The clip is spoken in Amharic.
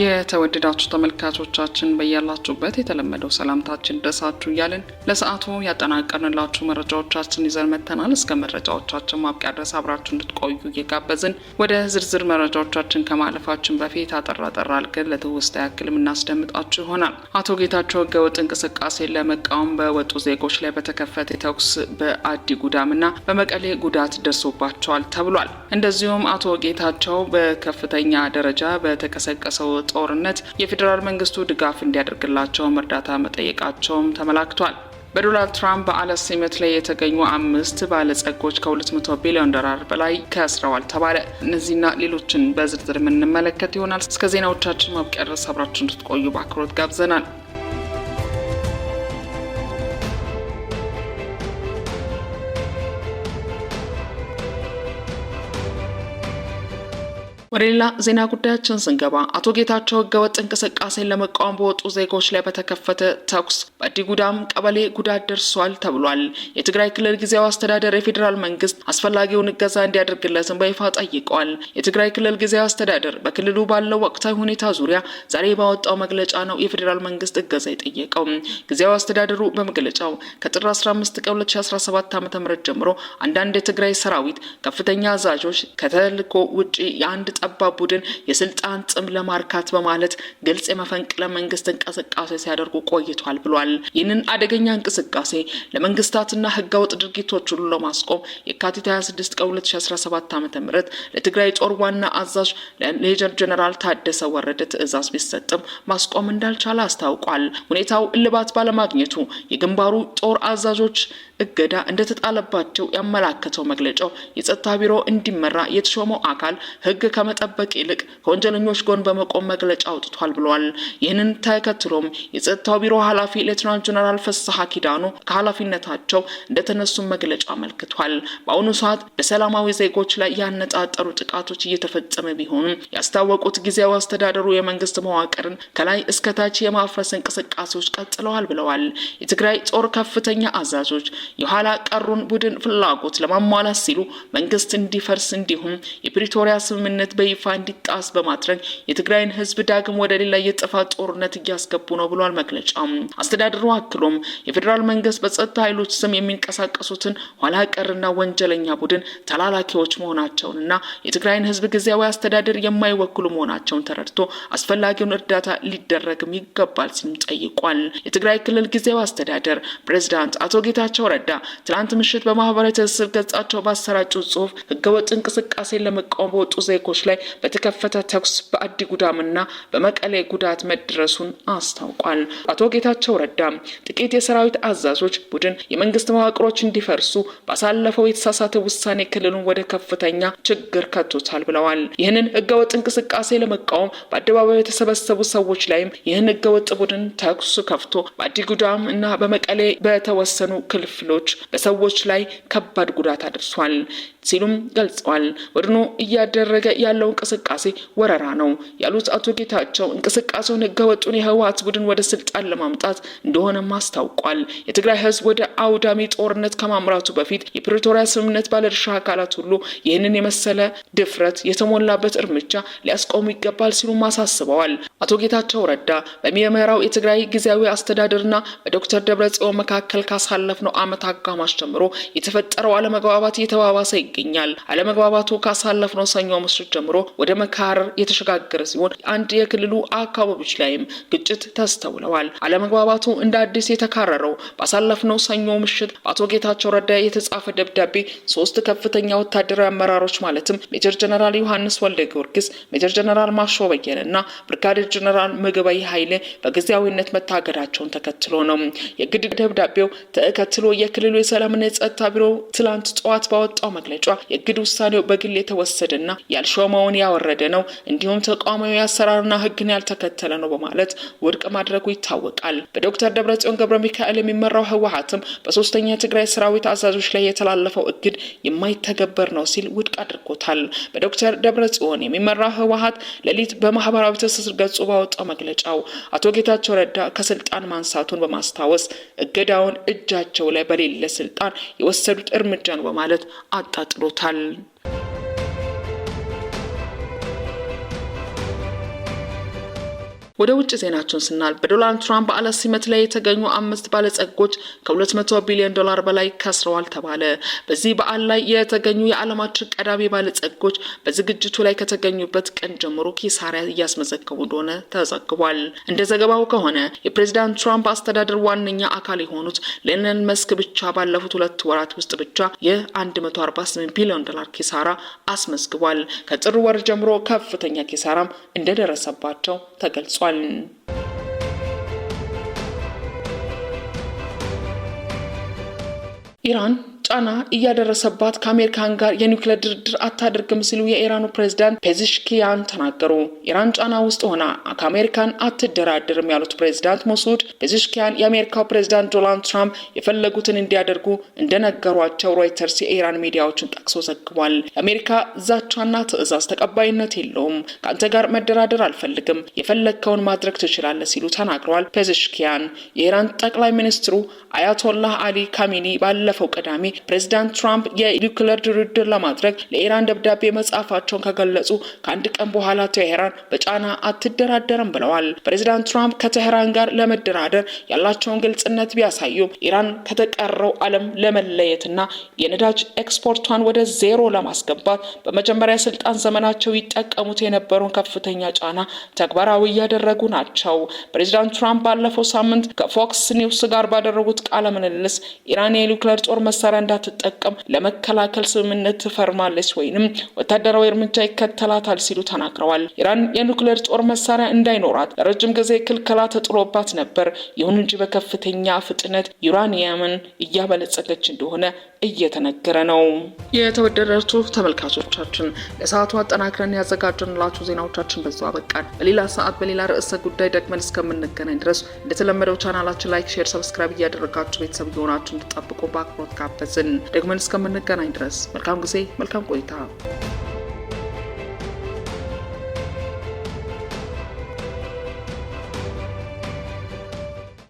የተወደዳችሁ ተመልካቾቻችን በያላችሁበት የተለመደው ሰላምታችን ደሳችሁ እያልን ለሰዓቱ ያጠናቀርንላችሁ መረጃዎቻችን ይዘን መጥተናል። እስከ መረጃዎቻችን ማብቂያ ድረስ አብራችሁ እንድትቆዩ እየጋበዝን ወደ ዝርዝር መረጃዎቻችን ከማለፋችን በፊት አጠራ ጠራ አድርገን ለትውስታ ያክል የምናስደምጣችሁ ይሆናል። አቶ ጌታቸው ህገወጥ እንቅስቃሴ ለመቃወም በወጡ ዜጎች ላይ በተከፈተ ተኩስ በአዲ ጉዳምና በመቀሌ ጉዳት ደርሶባቸዋል ተብሏል። እንደዚሁም አቶ ጌታቸው በከፍተኛ ደረጃ በተቀሰቀሰው ጦርነት የፌዴራል መንግስቱ ድጋፍ እንዲያደርግላቸውም እርዳታ መጠየቃቸውም ተመላክቷል። በዶናልድ ትራምፕ በዓለ ሲመት ላይ የተገኙ አምስት ባለጸጎች ከ200 ቢሊዮን ዶላር በላይ ከስረዋል ተባለ። እነዚህና ሌሎችን በዝርዝር የምንመለከት ይሆናል። እስከ ዜናዎቻችን ማብቂያ ድረስ አብራችሁ እንድትቆዩ በአክብሮት ጋብዘናል። ወደ ሌላ ዜና ጉዳያችን ስንገባ አቶ ጌታቸው ህገወጥ እንቅስቃሴን ለመቃወም በወጡ ዜጎች ላይ በተከፈተ ተኩስ በዲጉዳም ቀበሌ ጉዳት ደርሷል ተብሏል። የትግራይ ክልል ጊዜያዊ አስተዳደር የፌዴራል መንግስት አስፈላጊውን እገዛ እንዲያደርግለትን በይፋ ጠይቀዋል። የትግራይ ክልል ጊዜያዊ አስተዳደር በክልሉ ባለው ወቅታዊ ሁኔታ ዙሪያ ዛሬ ባወጣው መግለጫ ነው የፌዴራል መንግስት እገዛ የጠየቀው። ጊዜያዊ አስተዳደሩ በመግለጫው ከጥር 15 ቀን 2017 ዓ.ም ጀምሮ አንዳንድ የትግራይ ሰራዊት ከፍተኛ አዛዦች ከተልእኮ ውጪ የአንድ ጠባብ ቡድን የስልጣን ጥም ለማርካት በማለት ግልጽ የመፈንቅለ መንግስት እንቅስቃሴ ሲያደርጉ ቆይቷል ብሏል። ይህንን አደገኛ እንቅስቃሴ ለመንግስታትና ህገወጥ ድርጊቶች ሁሉ ለማስቆም የካቲት 26 ቀን 2017 ዓ ም ለትግራይ ጦር ዋና አዛዥ ሌጀር ጀነራል ታደሰ ወረደ ትዕዛዝ ቢሰጥም ማስቆም እንዳልቻለ አስታውቋል። ሁኔታው እልባት ባለማግኘቱ የግንባሩ ጦር አዛዦች እገዳ እንደተጣለባቸው ያመላከተው መግለጫው የጸጥታ ቢሮ እንዲመራ የተሾመው አካል ህግ ከመጠበቅ ይልቅ ከወንጀለኞች ጎን በመቆም መግለጫ አውጥቷል ብለዋል። ይህንን ተከትሎም የጸጥታው ቢሮ ኃላፊ ሌትናንት ጀነራል ፍስሐ ኪዳኑ ከኃላፊነታቸው እንደተነሱ መግለጫ አመልክቷል። በአሁኑ ሰዓት በሰላማዊ ዜጎች ላይ ያነጣጠሩ ጥቃቶች እየተፈጸመ ቢሆኑም ያስታወቁት ጊዜያዊ አስተዳደሩ የመንግስት መዋቅርን ከላይ እስከታች የማፍረስ እንቅስቃሴዎች ቀጥለዋል ብለዋል። የትግራይ ጦር ከፍተኛ አዛዦች የኋላ ቀሩን ቡድን ፍላጎት ለማሟላት ሲሉ መንግስት እንዲፈርስ እንዲሁም የፕሪቶሪያ ስምምነት በይፋ እንዲጣስ በማድረግ የትግራይን ህዝብ ዳግም ወደ ሌላ የጥፋት ጦርነት እያስገቡ ነው ብሏል መግለጫ። አስተዳደሩ አክሎም የፌዴራል መንግስት በጸጥታ ኃይሎች ስም የሚንቀሳቀሱትን ኋላ ቀርና ወንጀለኛ ቡድን ተላላኪዎች እና የትግራይን ህዝብ ጊዜያዊ አስተዳደር የማይወክሉ መሆናቸውን ተረድቶ አስፈላጊውን እርዳታ ሊደረግም ይገባል ሲልም ጠይቋል። የትግራይ ክልል ጊዜያዊ አስተዳደር ፕሬዚዳንት አቶ ጌታቸው ረዳ ትናንት ምሽት በማህበራዊ ትስስር ገጻቸው ባሰራጩ ጽሁፍ ህገወጥ እንቅስቃሴን ለመቃወም በወጡ ዜጎች ላይ በተከፈተ ተኩስ በአዲ ጉዳምና በመቀሌ ጉዳት መድረሱን አስታውቋል። አቶ ጌታቸው ረዳ ጥቂት የሰራዊት አዛዦች ቡድን የመንግስት መዋቅሮች እንዲፈርሱ ባሳለፈው የተሳሳተ ውሳኔ ክልሉን ወደ ከፍተኛ ችግር ከቶታል ብለዋል። ይህንን ህገወጥ እንቅስቃሴ ለመቃወም በአደባባይ የተሰበሰቡ ሰዎች ላይም ይህን ህገወጥ ቡድን ተኩስ ከፍቶ በአዲ ጉዳም እና በመቀሌ በተወሰኑ ክልፍ ክፍሎች በሰዎች ላይ ከባድ ጉዳት አድርሷል ሲሉም ገልጸዋል። ቡድኑ እያደረገ ያለው እንቅስቃሴ ወረራ ነው ያሉት አቶ ጌታቸው እንቅስቃሴውን ህገወጡን የህወሀት ቡድን ወደ ስልጣን ለማምጣት እንደሆነም አስታውቋል። የትግራይ ህዝብ ወደ አውዳሚ ጦርነት ከማምራቱ በፊት የፕሪቶሪያ ስምምነት ባለድርሻ አካላት ሁሉ ይህንን የመሰለ ድፍረት የተሞላበት እርምጃ ሊያስቆሙ ይገባል ሲሉም አሳስበዋል። አቶ ጌታቸው ረዳ በሚመራው የትግራይ ጊዜያዊ አስተዳደርና በዶክተር ደብረጽዮን መካከል ካሳለፍነው ዓመት ዓመት አጋማሽ ጀምሮ የተፈጠረው አለመግባባት እየተባባሰ ይገኛል። አለመግባባቱ ካሳለፍነው ሰኞ ምሽት ጀምሮ ወደ መካረር የተሸጋገረ ሲሆን አንድ የክልሉ አካባቢዎች ላይም ግጭት ተስተውለዋል። አለመግባባቱ እንደ አዲስ የተካረረው ባሳለፍነው ሰኞ ምሽት በአቶ ጌታቸው ረዳ የተጻፈ ደብዳቤ ሶስት ከፍተኛ ወታደራዊ አመራሮች ማለትም ሜጀር ጀነራል ዮሐንስ ወልደ ጊዮርጊስ፣ ሜጀር ጀነራል ማሾ በየነ እና ብርጋዴር ጀነራል ምግበይ ኃይሌ በጊዜያዊነት መታገዳቸውን ተከትሎ ነው። የግድ ደብዳቤው ተከትሎ የክልሉ የሰላምና የጸጥታ ቢሮ ትላንት ጠዋት ባወጣው መግለጫ የእግድ ውሳኔው በግል የተወሰደና ያልሾመውን ያወረደ ነው፣ እንዲሁም ተቋማዊ አሰራርና ህግን ያልተከተለ ነው በማለት ውድቅ ማድረጉ ይታወቃል። በዶክተር ደብረጽዮን ገብረ ሚካኤል የሚመራው ህወሀትም በሶስተኛ ትግራይ ሰራዊት አዛዦች ላይ የተላለፈው እግድ የማይተገበር ነው ሲል ውድቅ አድርጎታል። በዶክተር ደብረጽዮን የሚመራው ህወሀት ሌሊት በማህበራዊ ትስስር ገጹ ባወጣው መግለጫው አቶ ጌታቸው ረዳ ከስልጣን ማንሳቱን በማስታወስ እገዳውን እጃቸው ላይ በሌለ ስልጣን የወሰዱት እርምጃ ነው በማለት አጣጥሎታል። ወደ ውጭ ዜናችን ስናልፍ በዶናልድ ትራምፕ በዓለ ሲመት ላይ የተገኙ አምስት ባለጸጎች ከ200 ቢሊዮን ዶላር በላይ ከስረዋል ተባለ። በዚህ በዓል ላይ የተገኙ የዓለማችን ቀዳሚ ባለጸጎች በዝግጅቱ ላይ ከተገኙበት ቀን ጀምሮ ኪሳራ እያስመዘገቡ እንደሆነ ተዘግቧል። እንደ ዘገባው ከሆነ የፕሬዚዳንት ትራምፕ አስተዳደር ዋነኛ አካል የሆኑት ለነን መስክ ብቻ ባለፉት ሁለት ወራት ውስጥ ብቻ የ148 ቢሊዮን ዶላር ኪሳራ አስመዝግቧል። ከጥር ወር ጀምሮ ከፍተኛ ኪሳራም እንደደረሰባቸው ተገልጿል። ተገልጿል። ኢራን ጫና እያደረሰባት ከአሜሪካን ጋር የኒውክሌር ድርድር አታደርግም ሲሉ የኢራኑ ፕሬዚዳንት ፔዚሽኪያን ተናገሩ። ኢራን ጫና ውስጥ ሆና ከአሜሪካን አትደራደርም ያሉት ፕሬዚዳንት መሱድ ፔዚሽኪያን የአሜሪካው ፕሬዚዳንት ዶናልድ ትራምፕ የፈለጉትን እንዲያደርጉ እንደነገሯቸው ሮይተርስ የኢራን ሚዲያዎችን ጠቅሶ ዘግቧል። የአሜሪካ ዛቻና ትዕዛዝ ተቀባይነት የለውም፣ ከአንተ ጋር መደራደር አልፈልግም፣ የፈለግከውን ማድረግ ትችላለህ ሲሉ ተናግረዋል ፔዚሽኪያን። የኢራን ጠቅላይ ሚኒስትሩ አያቶላህ አሊ ካሚኒ ባለፈው ቅዳሜ ፕሬዚዳንት ትራምፕ የኒውክለር ድርድር ለማድረግ ለኢራን ደብዳቤ መጻፋቸውን ከገለጹ ከአንድ ቀን በኋላ ቴሄራን በጫና አትደራደርም ብለዋል። ፕሬዚዳንት ትራምፕ ከቴሄራን ጋር ለመደራደር ያላቸውን ግልጽነት ቢያሳዩም ኢራን ከተቀረው ዓለም ለመለየትና የነዳጅ ኤክስፖርቷን ወደ ዜሮ ለማስገባት በመጀመሪያ ስልጣን ዘመናቸው ይጠቀሙት የነበረውን ከፍተኛ ጫና ተግባራዊ እያደረጉ ናቸው። ፕሬዚዳንት ትራምፕ ባለፈው ሳምንት ከፎክስ ኒውስ ጋር ባደረጉት ቃለ ምልልስ ኢራን የኒውክሌር ጦር መሳሪያ እንዳትጠቀም ለመከላከል ስምምነት ትፈርማለች ወይንም ወታደራዊ እርምጃ ይከተላታል ሲሉ ተናግረዋል። ኢራን የኑክሌር ጦር መሳሪያ እንዳይኖራት ለረጅም ጊዜ ክልከላ ተጥሎባት ነበር። ይሁን እንጂ በከፍተኛ ፍጥነት ዩራኒየምን እያበለጸገች እንደሆነ እየተነገረ ነው። የተወደዳችሁ ተመልካቾቻችን ለሰዓቱ አጠናክረን ያዘጋጀንላችሁ ዜናዎቻችን በዛ አበቃል። በሌላ ሰዓት በሌላ ርዕሰ ጉዳይ ደግመን እስከምንገናኝ ድረስ እንደተለመደው ቻናላችን ላይክ፣ ሼር፣ ሰብስክራይብ እያደረጋችሁ ቤተሰብ የሆናችሁ እንድጠብቁ በአክብሮት ጋበዝ ይድረስን። ደግመን እስከምንገናኝ ድረስ መልካም ጊዜ፣ መልካም ቆይታ